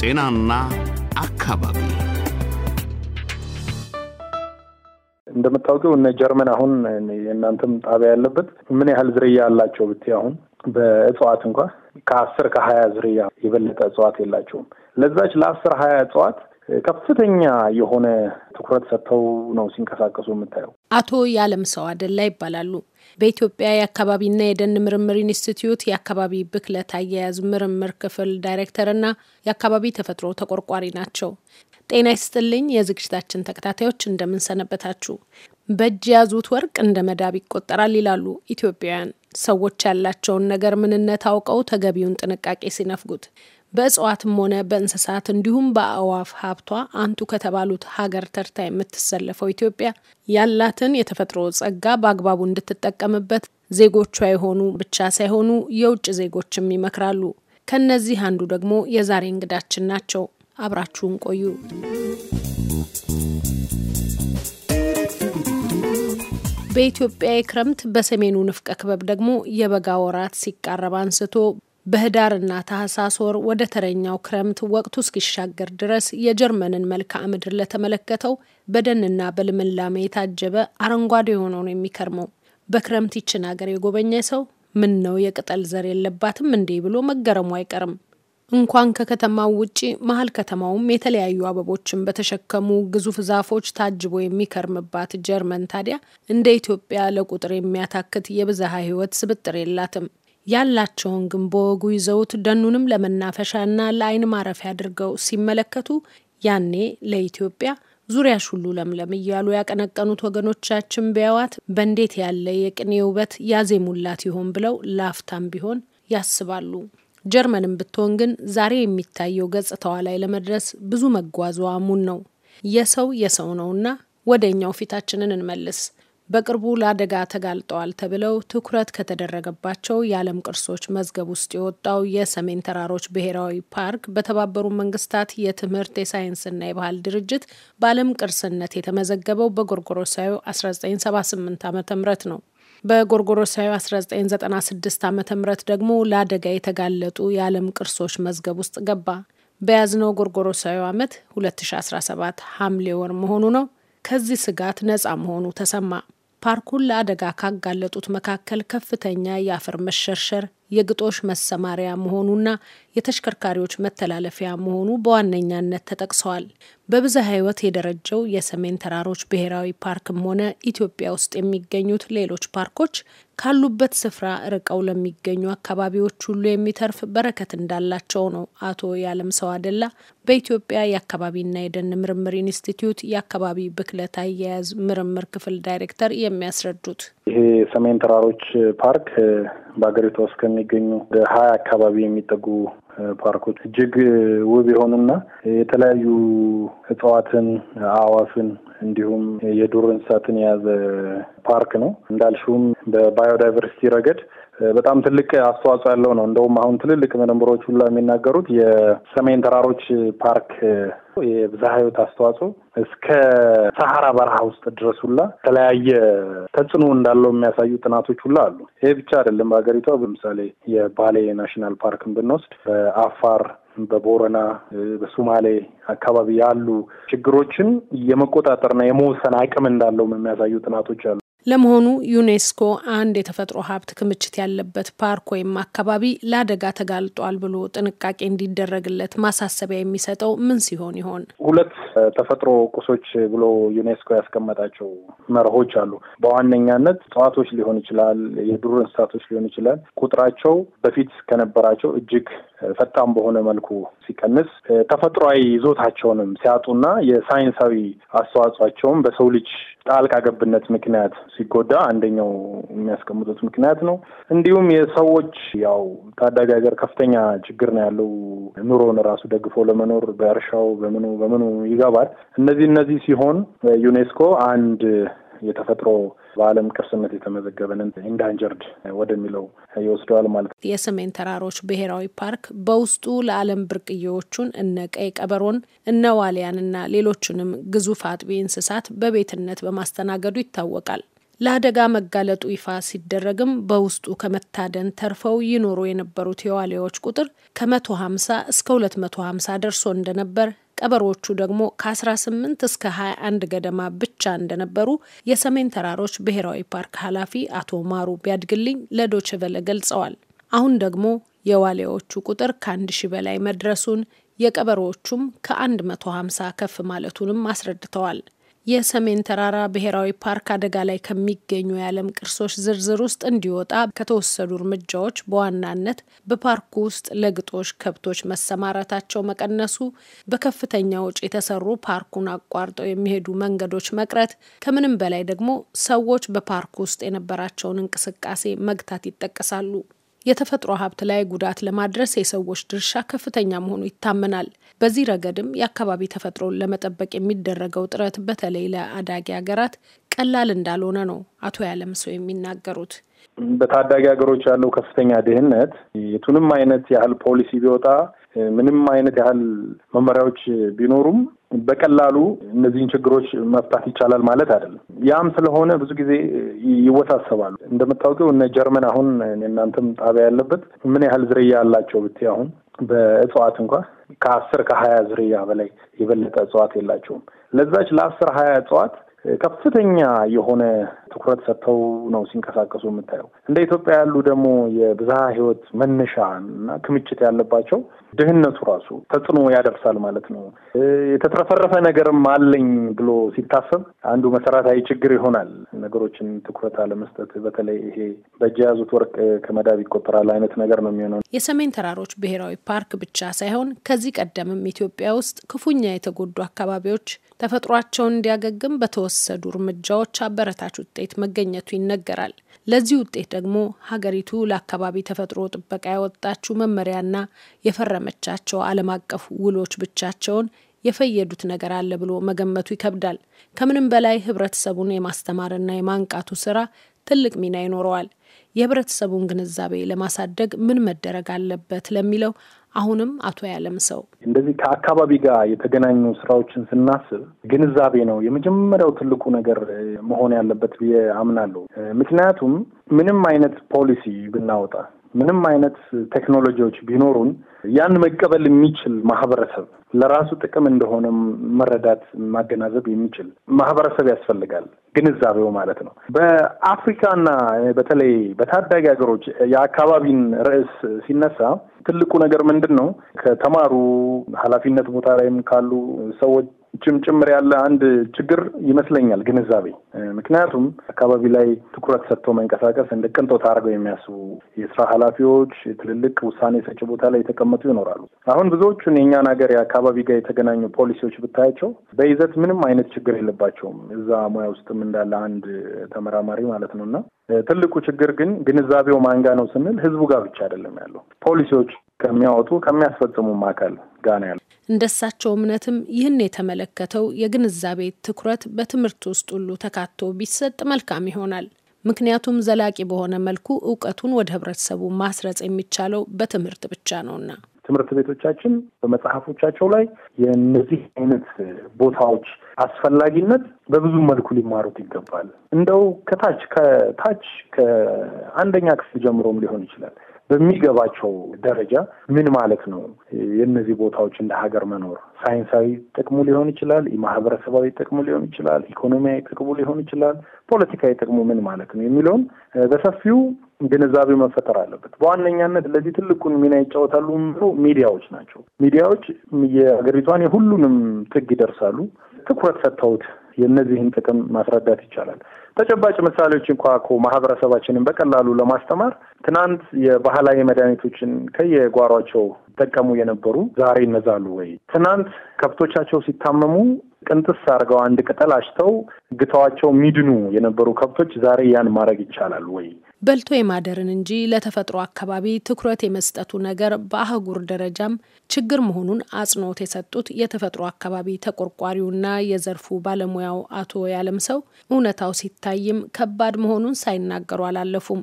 ጤናና አካባቢ እንደምታውቀው እነ ጀርመን አሁን የእናንተም ጣቢያ ያለበት ምን ያህል ዝርያ አላቸው ብቲ አሁን በእጽዋት እንኳ ከአስር ከሀያ ዝርያ የበለጠ እጽዋት የላቸውም። ለዛች ለአስር ሀያ እጽዋት ከፍተኛ የሆነ ትኩረት ሰጥተው ነው ሲንቀሳቀሱ የምታየው። አቶ ያለም ሰው አደላ ይባላሉ። በኢትዮጵያ የአካባቢና የደን ምርምር ኢንስቲትዩት የአካባቢ ብክለት አያያዝ ምርምር ክፍል ዳይሬክተርና የአካባቢ ተፈጥሮ ተቆርቋሪ ናቸው። ጤና ይስጥልኝ የዝግጅታችን ተከታታዮች እንደምንሰነበታችሁ። በእጅ ያዙት ወርቅ እንደ መዳብ ይቆጠራል ይላሉ ኢትዮጵያውያን ሰዎች ያላቸውን ነገር ምንነት አውቀው ተገቢውን ጥንቃቄ ሲነፍጉት በእጽዋትም ሆነ በእንስሳት እንዲሁም በአዋፍ ሀብቷ አንቱ ከተባሉት ሀገር ተርታ የምትሰለፈው ኢትዮጵያ ያላትን የተፈጥሮ ጸጋ በአግባቡ እንድትጠቀምበት ዜጎቿ የሆኑ ብቻ ሳይሆኑ የውጭ ዜጎችም ይመክራሉ። ከእነዚህ አንዱ ደግሞ የዛሬ እንግዳችን ናቸው። አብራችሁን ቆዩ። በኢትዮጵያ የክረምት በሰሜኑ ንፍቀ ክበብ ደግሞ የበጋ ወራት ሲቃረብ አንስቶ በህዳርና ታህሳስ ወር ወደ ተረኛው ክረምት ወቅቱ እስኪሻገር ድረስ የጀርመንን መልክዓ ምድር ለተመለከተው በደንና በልምላሜ የታጀበ አረንጓዴ የሆነው ነው የሚከርመው። በክረምት ይችን ሀገር የጎበኘ ሰው ምን ነው የቅጠል ዘር የለባትም እንዴ ብሎ መገረሙ አይቀርም። እንኳን ከከተማው ውጪ መሀል ከተማውም የተለያዩ አበቦችን በተሸከሙ ግዙፍ ዛፎች ታጅቦ የሚከርምባት ጀርመን ታዲያ እንደ ኢትዮጵያ ለቁጥር የሚያታክት የብዝሃ ህይወት ስብጥር የላትም። ያላቸውን ግን በወጉ ይዘውት ደኑንም ለመናፈሻና ለአይን ማረፊያ አድርገው ሲመለከቱ ያኔ ለኢትዮጵያ ዙሪያሽ ሁሉ ለምለም እያሉ ያቀነቀኑት ወገኖቻችን ቢያዋት በእንዴት ያለ የቅኔ ውበት ያዜሙላት ይሆን ብለው ላፍታም ቢሆን ያስባሉ። ጀርመንም ብትሆን ግን ዛሬ የሚታየው ገጽታዋ ላይ ለመድረስ ብዙ መጓዟ ሙን ነው። የሰው የሰው ነውና ወደኛው ፊታችንን እንመልስ። በቅርቡ ለአደጋ ተጋልጠዋል ተብለው ትኩረት ከተደረገባቸው የዓለም ቅርሶች መዝገብ ውስጥ የወጣው የሰሜን ተራሮች ብሔራዊ ፓርክ በተባበሩ መንግስታት የትምህርት የሳይንስና የባህል ድርጅት በዓለም ቅርስነት የተመዘገበው በጎርጎሮሳዊ 1978 ዓ ም ነው። በጎርጎሮሳዊ 1996 ዓ ም ደግሞ ለአደጋ የተጋለጡ የዓለም ቅርሶች መዝገብ ውስጥ ገባ። በያዝነው ጎርጎሮሳዊ ዓመት 2017 ሐምሌ ወር መሆኑ ነው። ከዚህ ስጋት ነፃ መሆኑ ተሰማ። ፓርኩን ለአደጋ ካጋለጡት መካከል ከፍተኛ የአፈር መሸርሸር የግጦሽ መሰማሪያ መሆኑና የተሽከርካሪዎች መተላለፊያ መሆኑ በዋነኛነት ተጠቅሰዋል። በብዝሃ ሕይወት የደረጀው የሰሜን ተራሮች ብሔራዊ ፓርክም ሆነ ኢትዮጵያ ውስጥ የሚገኙት ሌሎች ፓርኮች ካሉበት ስፍራ ርቀው ለሚገኙ አካባቢዎች ሁሉ የሚተርፍ በረከት እንዳላቸው ነው አቶ ያለም ሰው አደላ በኢትዮጵያ የአካባቢና የደን ምርምር ኢንስቲትዩት የአካባቢ ብክለት አያያዝ ምርምር ክፍል ዳይሬክተር የሚያስረዱት። ይሄ ሰሜን ተራሮች ፓርክ በሀገሪቷ ውስጥ ከሚገኙ ሀያ አካባቢ የሚጠጉ ፓርኮች እጅግ ውብ የሆኑና የተለያዩ እጽዋትን፣ አዋፍን እንዲሁም የዱር እንስሳትን የያዘ ፓርክ ነው። እንዳልሽውም በባዮዳይቨርሲቲ ረገድ በጣም ትልቅ አስተዋጽኦ ያለው ነው። እንደውም አሁን ትልልቅ መደንብሮች ሁላ የሚናገሩት የሰሜን ተራሮች ፓርክ የብዝሃ ሕይወት አስተዋጽኦ እስከ ሰሐራ በረሃ ውስጥ ድረስ ሁላ የተለያየ ተጽዕኖ እንዳለው የሚያሳዩ ጥናቶች ሁላ አሉ። ይሄ ብቻ አይደለም። በሀገሪቷ ለምሳሌ የባሌ ናሽናል ፓርክን ብንወስድ በአፋር በቦረና በሱማሌ አካባቢ ያሉ ችግሮችን የመቆጣጠርና የመወሰን አቅም እንዳለውም የሚያሳዩ ጥናቶች አሉ። ለመሆኑ ዩኔስኮ አንድ የተፈጥሮ ሀብት ክምችት ያለበት ፓርክ ወይም አካባቢ ለአደጋ ተጋልጧል ብሎ ጥንቃቄ እንዲደረግለት ማሳሰቢያ የሚሰጠው ምን ሲሆን ይሆን? ሁለት ተፈጥሮ ቁሶች ብሎ ዩኔስኮ ያስቀመጣቸው መርሆች አሉ። በዋነኛነት እጽዋቶች ሊሆን ይችላል፣ የዱር እንስሳቶች ሊሆን ይችላል። ቁጥራቸው በፊት ከነበራቸው እጅግ ፈጣን በሆነ መልኩ ሲቀንስ ተፈጥሯዊ ይዞታቸውንም ሲያጡና የሳይንሳዊ አስተዋጽኦቸውም በሰው ልጅ ጣልቃ ገብነት ምክንያት ሲጎዳ አንደኛው የሚያስቀምጡት ምክንያት ነው። እንዲሁም የሰዎች ያው ታዳጊ ሀገር ከፍተኛ ችግር ነው ያለው። ኑሮን ራሱ ደግፎ ለመኖር በእርሻው በምኑ በምኑ ይገባል። እነዚህ እነዚህ ሲሆን ዩኔስኮ አንድ የተፈጥሮ በዓለም ቅርስነት የተመዘገበንን ኢንዳንጀርድ ወደሚለው ይወስደዋል ማለት ነው። የሰሜን ተራሮች ብሔራዊ ፓርክ በውስጡ ለዓለም ብርቅዬዎቹን እነ ቀይ ቀበሮን፣ እነ ዋልያንና ሌሎቹንም ግዙፍ አጥቢ እንስሳት በቤትነት በማስተናገዱ ይታወቃል። ለአደጋ መጋለጡ ይፋ ሲደረግም በውስጡ ከመታደን ተርፈው ይኖሩ የነበሩት የዋልያዎች ቁጥር ከ150 እስከ 250 ደርሶ እንደነበር ቀበሮቹ ደግሞ ከ18 እስከ 21 ገደማ ብቻ እንደነበሩ የሰሜን ተራሮች ብሔራዊ ፓርክ ኃላፊ አቶ ማሩ ቢያድግልኝ ለዶችቨለ ገልጸዋል። አሁን ደግሞ የዋሊያዎቹ ቁጥር ከ ሺ በላይ መድረሱን የቀበሮዎቹም ከ150 ከፍ ማለቱንም አስረድተዋል። የሰሜን ተራራ ብሔራዊ ፓርክ አደጋ ላይ ከሚገኙ የዓለም ቅርሶች ዝርዝር ውስጥ እንዲወጣ ከተወሰዱ እርምጃዎች በዋናነት በፓርኩ ውስጥ ለግጦሽ ከብቶች መሰማራታቸው መቀነሱ፣ በከፍተኛ ውጪ የተሰሩ ፓርኩን አቋርጠው የሚሄዱ መንገዶች መቅረት፣ ከምንም በላይ ደግሞ ሰዎች በፓርኩ ውስጥ የነበራቸውን እንቅስቃሴ መግታት ይጠቀሳሉ። የተፈጥሮ ሀብት ላይ ጉዳት ለማድረስ የሰዎች ድርሻ ከፍተኛ መሆኑ ይታመናል። በዚህ ረገድም የአካባቢ ተፈጥሮን ለመጠበቅ የሚደረገው ጥረት በተለይ ለአዳጊ ሀገራት ቀላል እንዳልሆነ ነው አቶ ያለምሰው የሚናገሩት። በታዳጊ ሀገሮች ያለው ከፍተኛ ድህነት የቱንም አይነት ያህል ፖሊሲ ቢወጣ ምንም አይነት ያህል መመሪያዎች ቢኖሩም በቀላሉ እነዚህን ችግሮች መፍታት ይቻላል ማለት አይደለም። ያም ስለሆነ ብዙ ጊዜ ይወሳሰባሉ። እንደምታውቀው እነ ጀርመን አሁን እናንተም ጣቢያ ያለበት ምን ያህል ዝርያ አላቸው ብትይ አሁን በእጽዋት እንኳ ከአስር ከሀያ ዝርያ በላይ የበለጠ እጽዋት የላቸውም። ለዛች ለአስር ሀያ እጽዋት ከፍተኛ የሆነ ትኩረት ሰጥተው ነው ሲንቀሳቀሱ የምታየው። እንደ ኢትዮጵያ ያሉ ደግሞ የብዝሃ ህይወት መነሻ እና ክምችት ያለባቸው ድህነቱ ራሱ ተጽዕኖ ያደርሳል ማለት ነው። የተትረፈረፈ ነገርም አለኝ ብሎ ሲታሰብ አንዱ መሰረታዊ ችግር ይሆናል። ነገሮችን ትኩረት አለመስጠት፣ በተለይ ይሄ በእጅ የያዙት ወርቅ ከመዳብ ይቆጠራል አይነት ነገር ነው የሚሆነው። የሰሜን ተራሮች ብሔራዊ ፓርክ ብቻ ሳይሆን ከዚህ ቀደምም ኢትዮጵያ ውስጥ ክፉኛ የተጎዱ አካባቢዎች ተፈጥሯቸውን እንዲያገግም በተወ የተወሰዱ እርምጃዎች አበረታች ውጤት መገኘቱ ይነገራል። ለዚህ ውጤት ደግሞ ሀገሪቱ ለአካባቢ ተፈጥሮ ጥበቃ ያወጣችው መመሪያና የፈረመቻቸው ዓለም አቀፍ ውሎች ብቻቸውን የፈየዱት ነገር አለ ብሎ መገመቱ ይከብዳል። ከምንም በላይ ህብረተሰቡን የማስተማርና የማንቃቱ ስራ ትልቅ ሚና ይኖረዋል። የህብረተሰቡን ግንዛቤ ለማሳደግ ምን መደረግ አለበት ለሚለው አሁንም አቶ ያለም ሰው እንደዚህ ከአካባቢ ጋር የተገናኙ ስራዎችን ስናስብ ግንዛቤ ነው የመጀመሪያው ትልቁ ነገር መሆን ያለበት ብዬ አምናለሁ። ምክንያቱም ምንም አይነት ፖሊሲ ብናወጣ ምንም አይነት ቴክኖሎጂዎች ቢኖሩን ያን መቀበል የሚችል ማህበረሰብ ለራሱ ጥቅም እንደሆነ መረዳት ማገናዘብ የሚችል ማህበረሰብ ያስፈልጋል። ግንዛቤው ማለት ነው። በአፍሪካና በተለይ በታዳጊ ሀገሮች የአካባቢን ርዕስ ሲነሳ ትልቁ ነገር ምንድን ነው? ከተማሩ ኃላፊነት ቦታ ላይም ካሉ ሰዎች ጭምጭምር ጭምር ያለ አንድ ችግር ይመስለኛል ግንዛቤ። ምክንያቱም አካባቢ ላይ ትኩረት ሰጥቶ መንቀሳቀስ እንደ ቅንጦት አድርገው የሚያስቡ የስራ ኃላፊዎች፣ ትልልቅ ውሳኔ ሰጪ ቦታ ላይ የተቀመጡ ይኖራሉ። አሁን ብዙዎቹን የእኛን ሀገር የአካባቢ ጋር የተገናኙ ፖሊሲዎች ብታያቸው በይዘት ምንም አይነት ችግር የለባቸውም። እዛ ሙያ ውስጥም እንዳለ አንድ ተመራማሪ ማለት ነው እና ትልቁ ችግር ግን ግንዛቤው ማንጋ ነው ስንል ህዝቡ ጋር ብቻ አይደለም ያለው ፖሊሲዎች ከሚያወጡ ከሚያስፈጽሙም አካል ጋር ነው ያለው። እንደሳቸው እምነትም ይህን የተመለከተው የግንዛቤ ትኩረት በትምህርት ውስጥ ሁሉ ተካቶ ቢሰጥ መልካም ይሆናል። ምክንያቱም ዘላቂ በሆነ መልኩ እውቀቱን ወደ ህብረተሰቡ ማስረጽ የሚቻለው በትምህርት ብቻ ነውና ትምህርት ቤቶቻችን በመጽሐፎቻቸው ላይ የእነዚህ አይነት ቦታዎች አስፈላጊነት በብዙ መልኩ ሊማሩት ይገባል። እንደው ከታች ከታች ከአንደኛ ክፍል ጀምሮም ሊሆን ይችላል በሚገባቸው ደረጃ ምን ማለት ነው የእነዚህ ቦታዎች እንደ ሀገር መኖር ሳይንሳዊ ጥቅሙ ሊሆን ይችላል፣ የማህበረሰባዊ ጥቅሙ ሊሆን ይችላል፣ ኢኮኖሚያዊ ጥቅሙ ሊሆን ይችላል፣ ፖለቲካዊ ጥቅሙ ምን ማለት ነው የሚለውን በሰፊው ግንዛቤ መፈጠር አለበት። በዋነኛነት ለዚህ ትልቁን ሚና ይጫወታሉ ሚዲያዎች ናቸው። ሚዲያዎች የሀገሪቷን የሁሉንም ጥግ ይደርሳሉ ትኩረት ሰጥተውት የእነዚህን ጥቅም ማስረዳት ይቻላል። ተጨባጭ ምሳሌዎች እንኳ እኮ ማህበረሰባችንን በቀላሉ ለማስተማር ትናንት የባህላዊ መድኃኒቶችን ከየጓሯቸው ይጠቀሙ የነበሩ ዛሬ ይነዛሉ ወይ? ትናንት ከብቶቻቸው ሲታመሙ ቅንጥስ አድርገው አንድ ቅጠል አሽተው ግተዋቸው ሚድኑ የነበሩ ከብቶች ዛሬ ያን ማድረግ ይቻላል ወይ? በልቶ የማደርን እንጂ ለተፈጥሮ አካባቢ ትኩረት የመስጠቱ ነገር በአህጉር ደረጃም ችግር መሆኑን አጽንኦት የሰጡት የተፈጥሮ አካባቢ ተቆርቋሪውና የዘርፉ ባለሙያው አቶ ያለም ሰው እውነታው ሲታይም ከባድ መሆኑን ሳይናገሩ አላለፉም።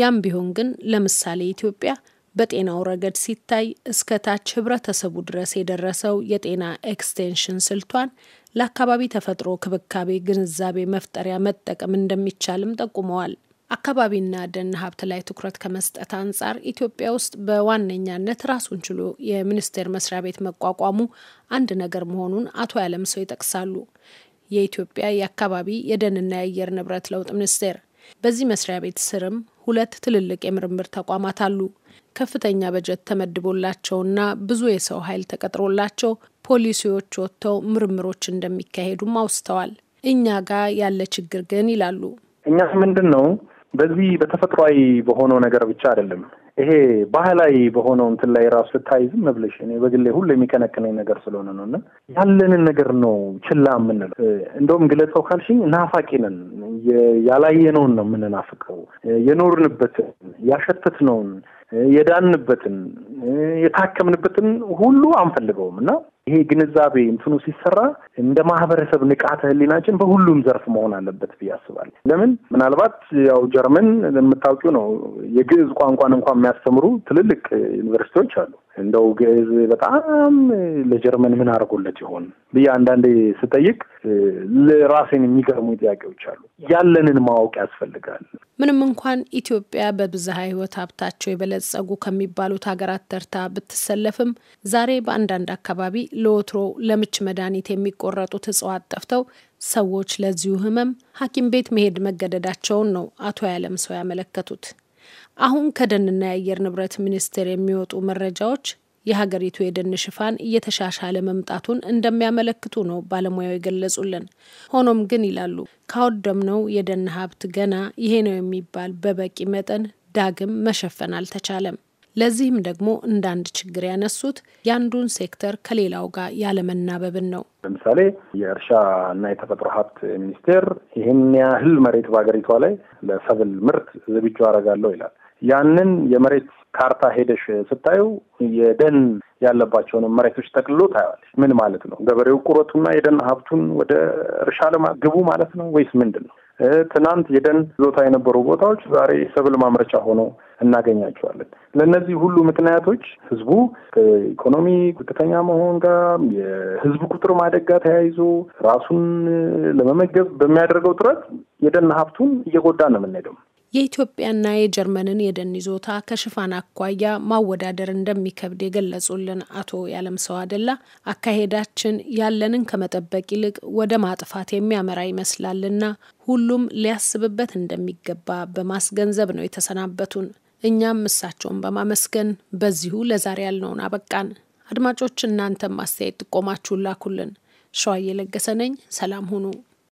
ያም ቢሆን ግን ለምሳሌ ኢትዮጵያ በጤናው ረገድ ሲታይ እስከ ታች ህብረተሰቡ ድረስ የደረሰው የጤና ኤክስቴንሽን ስልቷን ለአካባቢ ተፈጥሮ ክብካቤ ግንዛቤ መፍጠሪያ መጠቀም እንደሚቻልም ጠቁመዋል። አካባቢና ደን ሀብት ላይ ትኩረት ከመስጠት አንጻር ኢትዮጵያ ውስጥ በዋነኛነት ራሱን ችሎ የሚኒስቴር መስሪያ ቤት መቋቋሙ አንድ ነገር መሆኑን አቶ ያለም ሰው ይጠቅሳሉ። የኢትዮጵያ የአካባቢ የደንና የአየር ንብረት ለውጥ ሚኒስቴር በዚህ መስሪያ ቤት ስርም ሁለት ትልልቅ የምርምር ተቋማት አሉ። ከፍተኛ በጀት ተመድቦላቸውና ብዙ የሰው ኃይል ተቀጥሮላቸው ፖሊሲዎች ወጥተው ምርምሮች እንደሚካሄዱም አውስተዋል። እኛ ጋር ያለ ችግር ግን ይላሉ እኛ ምንድን ነው በዚህ በተፈጥሯዊ በሆነው ነገር ብቻ አይደለም። ይሄ ባህላዊ በሆነው እንትን ላይ ራሱ ስታይ ዝም ብለሽ እኔ በግሌ ሁሉ የሚከነክነኝ ነገር ስለሆነ ነው እና ያለንን ነገር ነው ችላ የምንለው። እንደውም ግለጸው ካልሽኝ ናፋቂ ነን። ያላየነውን ነው የምንናፍቀው። የኖርንበትን፣ ያሸተትነውን፣ የዳንበትን፣ የታከምንበትን ሁሉ አንፈልገውም እና ይሄ ግንዛቤ እንትኑ ሲሰራ እንደ ማህበረሰብ ንቃተ ህሊናችን በሁሉም ዘርፍ መሆን አለበት ብዬ አስባለሁ። ለምን ምናልባት ያው ጀርመን የምታውቂው ነው የግዕዝ ቋንቋን እንኳን የሚያስተምሩ ትልልቅ ዩኒቨርሲቲዎች አሉ። እንደው ግዕዝ በጣም ለጀርመን ምን አድርጎለት ይሆን ብዬ አንዳንዴ ስጠይቅ ለራሴን የሚገርሙ ጥያቄዎች አሉ። ያለንን ማወቅ ያስፈልጋል። ምንም እንኳን ኢትዮጵያ በብዝሃ ሕይወት ሀብታቸው የበለጸጉ ከሚባሉት ሀገራት ተርታ ብትሰለፍም ዛሬ በአንዳንድ አካባቢ ለወትሮ ለምች መድኃኒት የሚቆረጡት እጽዋት ጠፍተው ሰዎች ለዚሁ ህመም ሐኪም ቤት መሄድ መገደዳቸውን ነው አቶ ያለም ሰው ያመለከቱት። አሁን ከደንና የአየር ንብረት ሚኒስቴር የሚወጡ መረጃዎች የሀገሪቱ የደን ሽፋን እየተሻሻለ መምጣቱን እንደሚያመለክቱ ነው ባለሙያው የገለጹልን። ሆኖም ግን ይላሉ ካወደምነው የደን ሀብት ገና ይሄ ነው የሚባል በበቂ መጠን ዳግም መሸፈን አልተቻለም። ለዚህም ደግሞ እንደ አንድ ችግር ያነሱት የአንዱን ሴክተር ከሌላው ጋር ያለመናበብን ነው። ለምሳሌ የእርሻ እና የተፈጥሮ ሀብት ሚኒስቴር ይህን ያህል መሬት በሀገሪቷ ላይ ለሰብል ምርት ዝግጁ አደርጋለሁ ይላል። ያንን የመሬት ካርታ ሄደሽ ስታዩ የደን ያለባቸውንም መሬቶች ጠቅልሎ ታያለች። ምን ማለት ነው? ገበሬው ቁረቱና የደን ሀብቱን ወደ እርሻ ልማት ግቡ ማለት ነው ወይስ ምንድን ነው? ትናንት የደን ይዞታ የነበሩ ቦታዎች ዛሬ ሰብል ማምረቻ ሆኖ እናገኛቸዋለን። ለእነዚህ ሁሉ ምክንያቶች ህዝቡ ከኢኮኖሚ ዝቅተኛ መሆን ጋር የህዝብ ቁጥር ማደግ ጋር ተያይዞ ራሱን ለመመገብ በሚያደርገው ጥረት የደን ሀብቱን እየጎዳ ነው የምንሄደው። የኢትዮጵያና የጀርመንን የደን ይዞታ ከሽፋን አኳያ ማወዳደር እንደሚከብድ የገለጹልን አቶ ያለምሰው አደላ አካሄዳችን ያለንን ከመጠበቅ ይልቅ ወደ ማጥፋት የሚያመራ ይመስላልና ሁሉም ሊያስብበት እንደሚገባ በማስገንዘብ ነው የተሰናበቱን። እኛም እሳቸውን በማመስገን በዚሁ ለዛሬ ያልነውን አበቃን። አድማጮች እናንተም አስተያየት ጥቆማችሁን ላኩልን። ሸዋዬ ለገሰ ነኝ። ሰላም ሁኑ።